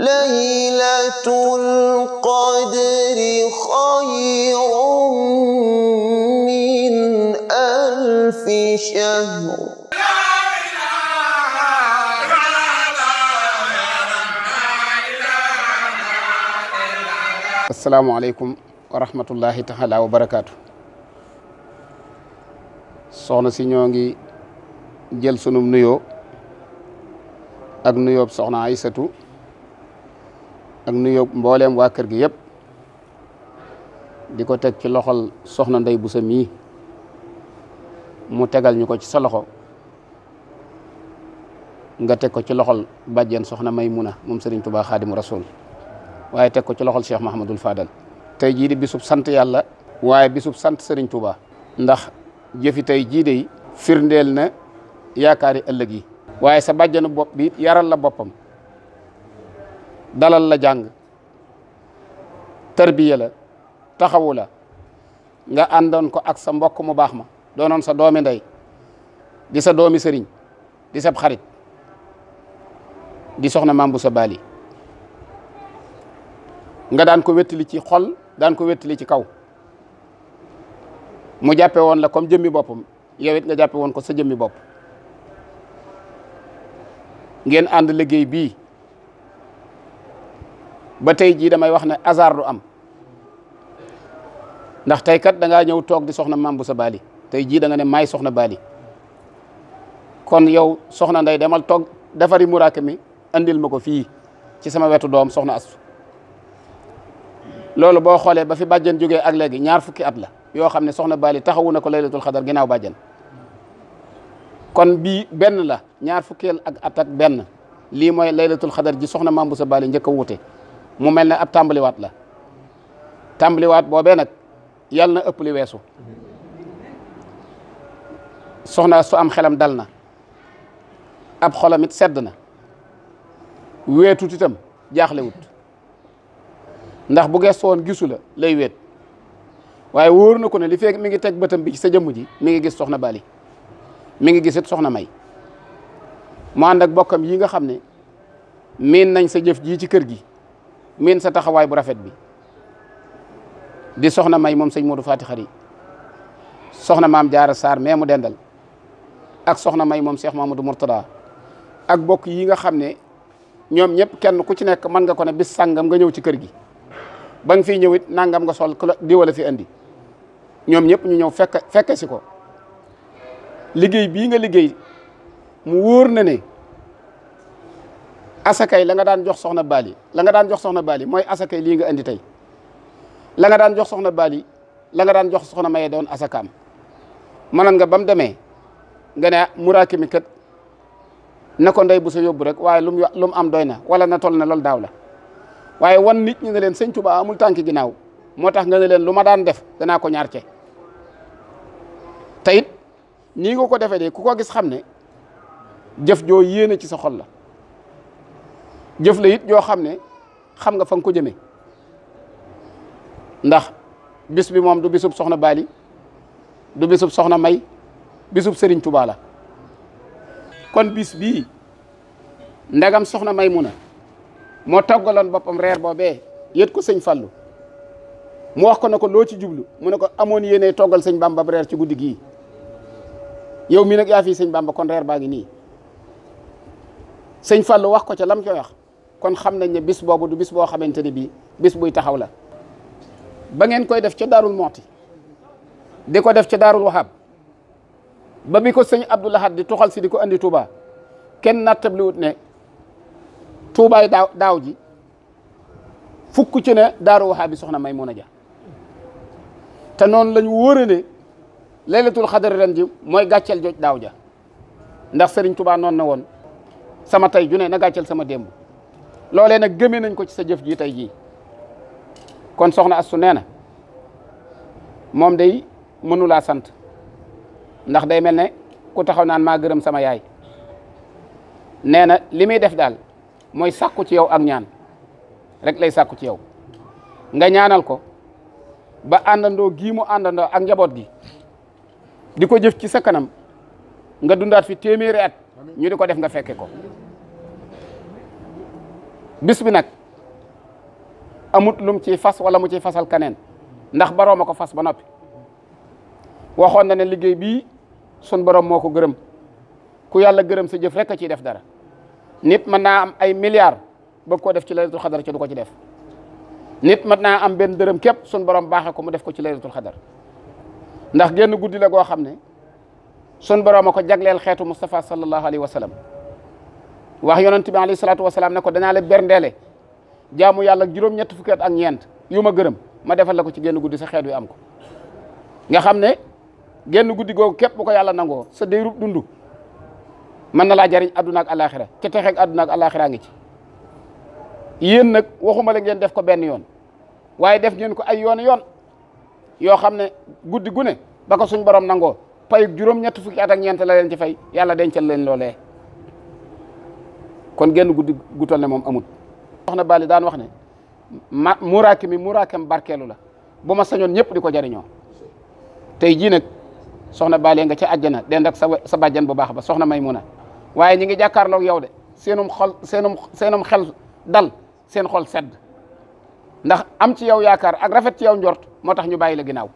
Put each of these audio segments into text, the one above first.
ليلة القدر خير من ألف شهر asalaamaaleykum wa rahmatullahi taala wa barakaatu soxna si ñoo ngi jël sunum nuyoo ak nuyoob soxna Aysatu ak nuyoo mbooleem waa kër gi yëpp di ko teg ci loxol soxna nday bu sa mii mu tegal ñu ko ci sa loxo nga teg ko ci loxol bàjjen soxna Maymuna moom sëriñ Tuubaa xaadimu rasul waaye teg ko ci loxol Cheikh Mahamadul Fadal tey jii di bisub sant yàlla waaye bisub sant sëriñ Tuubaa ndax jëfi tey jii firndeel na yaakaari ëllëg yi waaye sa bàjjenu bopp bi yaral la boppam dalal la jàng tarbiya la taxawu la nga àndoon ko ak sa mbokk mu baax ma doonoon sa doomi ndey di sa doomi sëriñ di sab xarit di soxna maam bu sa baali nga daan ko wettali ci xol daan ko wettali ci kaw mu jàppe woon la comme jëmmi boppam yow it nga jàppe woon ko sa jëmmi bopp ngeen ànd liggéey bii ba tey jii damay wax ne hasard du am ndax tey kat da ñëw toog di soxna Mame Boussa tey jii da ne may soxna Bally kon yow soxna nday demal toog defari muraakami andil ma ko fii ci sama wetu doom soxna astu loolu boo xoolee ba fi bàjjan jógee ak léegi ñaar fukki at la yoo xam ne soxna baali taxawu na ko laylatul xadar ginnaaw bàjjan kon bii benn la ñaar fukkeel ak at ak benn lii mooy laylatul xadar ji soxna Mame Boussa Bally njëkk mu mel ne ab tàmbaliwaat la tàmbaliwaat boobee nag yàlla na ëpp li weesu soxna su am xelam dal na ab xolam sedd na weetut itam jaaxlewut ndax bu gestu woon gisu la lay weet waaye woor na ko ne li fekk mi ngi teg bëtam bi ci sa jëmm ji mi ngi gis soxna Bali mi ngi gis soxna May mu ànd bokkam yi nga xam ne miin nañ sa jëf jii ci kër gi. miin sa taxawaay bu rafet bi di soxna may moom sëñ Modou Fati Xari soxna maam Jaara saar mais mu dendal ak soxna may moom Cheikh Mamadou Mourtada ak bokk yi nga xam ne ñoom ñëpp kenn ku ci nekk mën nga ko ne bis sàngam nga ñëw ci kër gi ba nga fiy ñëw it nangam nga sol di wala fi andi ñoom ñëpp ñu ñëw fekk fekk si ko liggéey bii nga liggéey mu wóor na ne asakay la nga daan jox soxna baali la nga daan jox soxna baali mooy asakay lii nga andi tey la nga daan jox soxna baali la nga daan jox soxna maye doon asakaam mënoon nga ba mu demee nga ne muraaki mi kat na ko ndey bu sa yóbbu rek waaye lu mu lu mu am doy na wala na toll na loolu daaw la waaye wan nit ñi ne leen sëñ Tuubaa amul tànki ginnaaw moo tax nga ne leen lu ma daan def danaa ko ñaar ce te it nii nga ko defee de ku ko gis xam ne jëf joo yéene ci sa xol la jëf yit joo xam ne xam nga fa nga ko jëmee ndax bis bi moom du bisub soxna baali du bisub soxna May bisub sëriñ tubaala kon bis bii ndagam soxna May mun na moo toggaloon boppam reer boobee yët ko sëñ Fallou mu wax ko ne ko loo ci jublu mu ne ko amoon yéene toggal sëñ Bamba reer ci guddi gi yow mii nag yaa sëñ Bamba kon reer baa ngi nii sëñ fallu wax ko ca lam ca kon xam nañ ne bis boobu du bis boo xamante ne bii bis buy taxaw la ba ngeen koy def ca daarul mooti di ko def ca daarul waxaab ba bi ko sëñ Abdou Lahad di tuxal si di ko andi Touba kenn nattabliwut ne Toubaay daaw ji fukk ci ne daaru waxaab bi soxna may mun a ja te noonu lañu wóore ne laylatul xadar ji mooy gàcceel joj daaw ja ndax sëriñ Touba noonu na woon sama tey ju ne na gàcceel sama demb loolee nag gëmee nañ ko ci sa jëf ji tey jii kon soxna Astou nee na moom day mënulaa sant ndax day mel ne ku taxaw naan maa gërëm sama yaay nee na li muy def daal mooy sàkku ci yow ak ñaan rek lay sàkku ci yow nga ñaanal ko ba àndandoo gii mu àndandoo ak njaboot gi di ko jëf ci sa kanam nga dundaat fi téeméeri at ñu di ko def nga fekke ko bis amut lum ciy fas wala mu ciy fasal kaneen ndax boroom a ko fas ba noppi waxoon na ne liggéey bii sun borom moo ko gërëm ku yàlla gërëm sa jëf rek a ciy def dara nit mën naa am ay milliards bëgg koo def ci laylatul xadar ci du ko ci def nit mën naa am benn dërëm képp sun borom baaxee ko mu def ko ci laylatul xadar ndax genn guddi la goo xam ne sun borom a ko jagleel xeetu Moustapha sallallahu alayhi wa wax yonent bi alayhi salaatu wasalaam ne ko danaa la berndeele jaamu yàlla juróom-ñett fukki at ak ñeent yu ma gërëm ma defal la ko ci génn guddi sa xeet wi am ko nga xam ne génn guddi googu képp bu ko yàlla nangoo sa déyrub dund mën na laa jariñ adduna ak alaxira ca texeeg adduna ak alaxira ngi ci yéen nag waxuma la ngeen def ko benn yoon waaye def ngeen ko ay yoon yoon yoo xam ne guddi gune ne ba ko suñ borom nangoo payug juróom-ñett fukki at ak ñeent la leen ci fay yàlla dencal leen loolee kon genn guddi gutal ne moom amut wax na Bali daan wax ne ma muraaki mi muraakem barkeelu la bu ma sañoon ñëpp di ko jariñoo tey jii nag soxna Bali nga ca àjjana dend ak sa sa bàjjan bu baax ba soxna may Maymuna waaye ñi ngi jàkkaarloog yow de seenum xol seenum seenum xel dal seen xol sedd ndax am ci yow yaakaar ak rafet ci yow njort moo tax ñu bàyyi la ginnaaw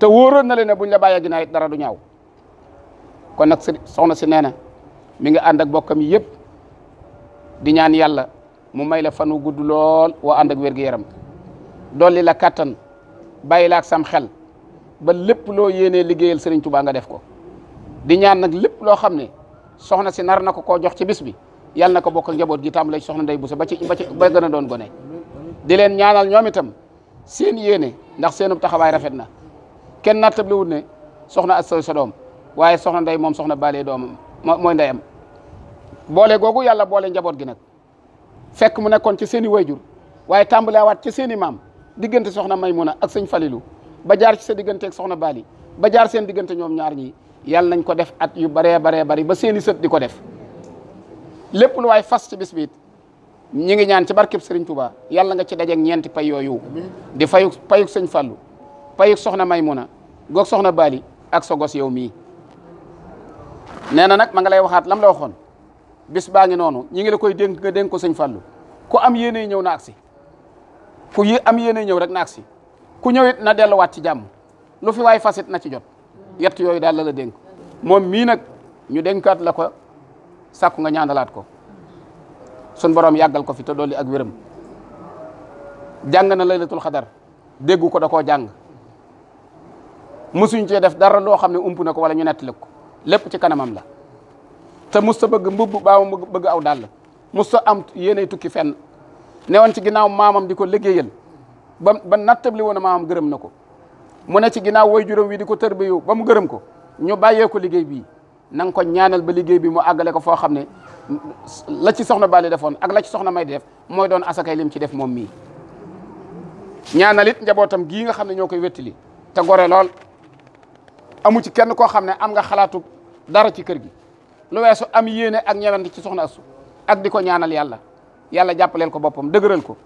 te wóoroon na leen ne buñ la bàyyee ginnaaw it dara du ñaaw kon nag soxna si nee na mi ànd ak bokkam yépp di ñaan yàlla mu may la fanu gudd lool wa ànd ak wér gu dolli la kattan bàyyi la sam xel ba lépp loo yéenee liggéeyal sëriñ Tuubaa nga def ko di ñaan nag lépp loo xam ne soxna si nar na ko koo jox ci bis bi yàlla na ko bokk ak njaboot gi tàmbale ci soxna nday Buso ba ci ba ci ba gën doon gone di leen ñaanal ñoom itam seen yéene ndax seenub taxawaay rafet na kenn nattablewul ne soxna Asta sa doom waaye soxna nday moom soxna Bale doom mooy ndeyam boole googu yàlla boole njaboot gi nag fekk mu nekkoon ci seen i wayjur waaye tàmbaleewaat ci seen i maam diggante soxna Maymuna ak sëñ Falilu ba jaar ci sa diggante soxna Bali ba jaar seen diggante ñoom ñaar ñi yàlla nañ ko def at yu baree baree bari ba seeni i sët di ko def lépp lu waay fas ci bis bi it ñi ngi ñaan ci barkeb Serigne tuba yàlla nga ci dajeeg ñeenti pay yooyu di fayu payuk sëñ Fallou payuk soxna Maymuna goog soxna Bali ak sa gos yow mii nee na nag ma nga lay waxaat lam la waxoon bis baa ngi noonu ñi ngi la koy dénk nga dénk ko sëñ Fallou ku am yéene ñëw na agsi ku yi am yéene ñëw rek na agsi ku ñëwit na delluwaat ci jàmm lu fi waay fasit na ci jot yett yooyu daal la la dénk moom mii nag ñu dénkaat la ko sàkku nga ñaanalaat ko sun borom yàggal ko fi te dolli ak wéram jàng na la laylatul xadar déggu ko da koo jàng mosuñ cee def dara loo xam ne ump na ko wala ñu nettali ko lépp ci kanamam la te mos ta bëgg mbubb baaw mu bëgg aw dàll la ta am yéenay tukki fenn newoon ci ginnaaw maamam di ko liggéeyal ba ba nattabli woon a maamam gërëm na ko mu ne ci ginnaaw way juróom wi di ko tërbiyu ba mu gërëm ko ñu bàyyee ko liggéey bii na ko ñaanal ba liggéey bi mu àggale ko foo xam ne la ci soxna Bally defoon ak la ci soxna May di def mooy doon asakay lim ci def moom mii ñaanalit njabootam gii nga xam ne ñoo koy wettali te gore lool amu ci kenn koo xam ne am nga xalaatu dara ci kër gi lu weesu am yéene ak ñewent ci soxna asu ak di ko ñaanal yàlla yàlla jàppaleel ko boppam dëgëral ko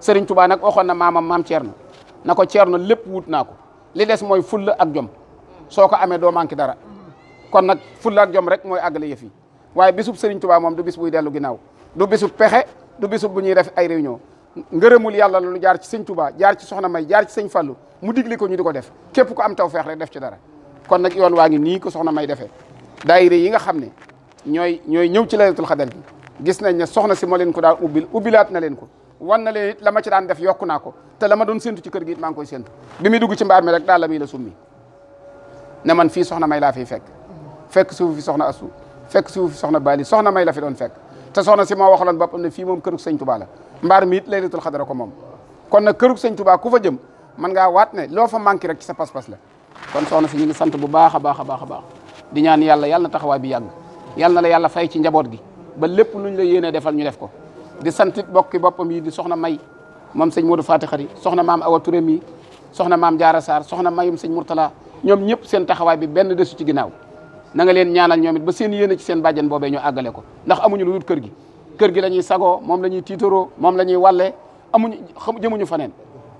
Serigne Touba nag waxoon na maamam maam Thierno na ko Thierno lépp wut naa ko li des mooy fulla ak jom soo ko amee doom manqué dara kon nag fulla ak jom rek mooy àggale yëf yi waaye bisub Serigne Touba moom du bis buy dellu ginnaaw du bisub pexe du bisub bu ñuy def ay réunion ngërëmul yàlla lu jaar ci sëñ Touba jaar ci soxna May jaar ci sëñ fallu mu digli ko ñu di ko def képp ko am tawfeex rek def ci dara kon nag yoon waa ngi nii ko soxna May defee daayira yi nga xam ne ñooy ñooy ñëw ci laylatul xadar bi gis nañ ne soxna si moo leen ko daal ubbil ubbilaat na leen ko wan na leen it la ma ci daan def yokku naa ko te la ma doon séntu ci kër gi it maa ngi koy séntu bi muy dugg ci mbaar mi rek daal la muy la summi ne man fii soxna may laa fiy fekk fekk suuf fi soxna assu fekk suuf fi soxna baali soxna may la fi doon fekk te soxna si moo waxaloon boppam ne fii moom kërug sëñ tubaa la mbaar mi it laylatul xadara ko moom kon nag kërug sëñ tubaa ku fa jëm mën ngaa waat ne loo fa manqué rek ci sa pas la kon soxna si ñu ngi sant bu baax a baax a baax a di ñaan yàlla yàlla na taxawaay bi yàgg yàlla na la yàlla fay ci njaboot gi ba lépp luñ la yéenee defal ñu def ko di santit bokki boppam yi di soxna may moom sëñ Modou Fati Khari soxna maam Awa Touré mi soxna maam Diarra Sarr soxna mayum sëñ Mourtala ñoom ñëpp seen taxawaay bi benn desu ci ginnaaw na nga leen ñaanal ñoom it ba seen yéene ci seen bàjjen boobee ñu àggale ko ndax amuñu lu dul kër gi kër gi la ñuy sagoo moom la ñuy tiitaroo moom la ñuy walle amuñu xam jëmuñu faneen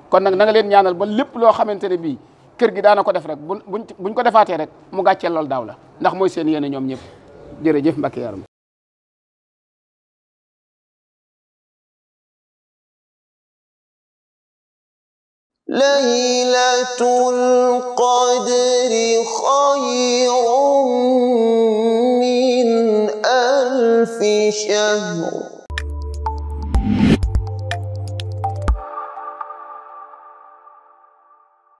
kon nag na nga leen ñaanal ne bii ker gi daana ko def rek buñ buñ ko defaatee rek mu gàcceel loolu daaw la ndax mooy seen yéene ñoom ñëpp jërëjëf yar Yaram laylatul qadri xayrun min alfi shahr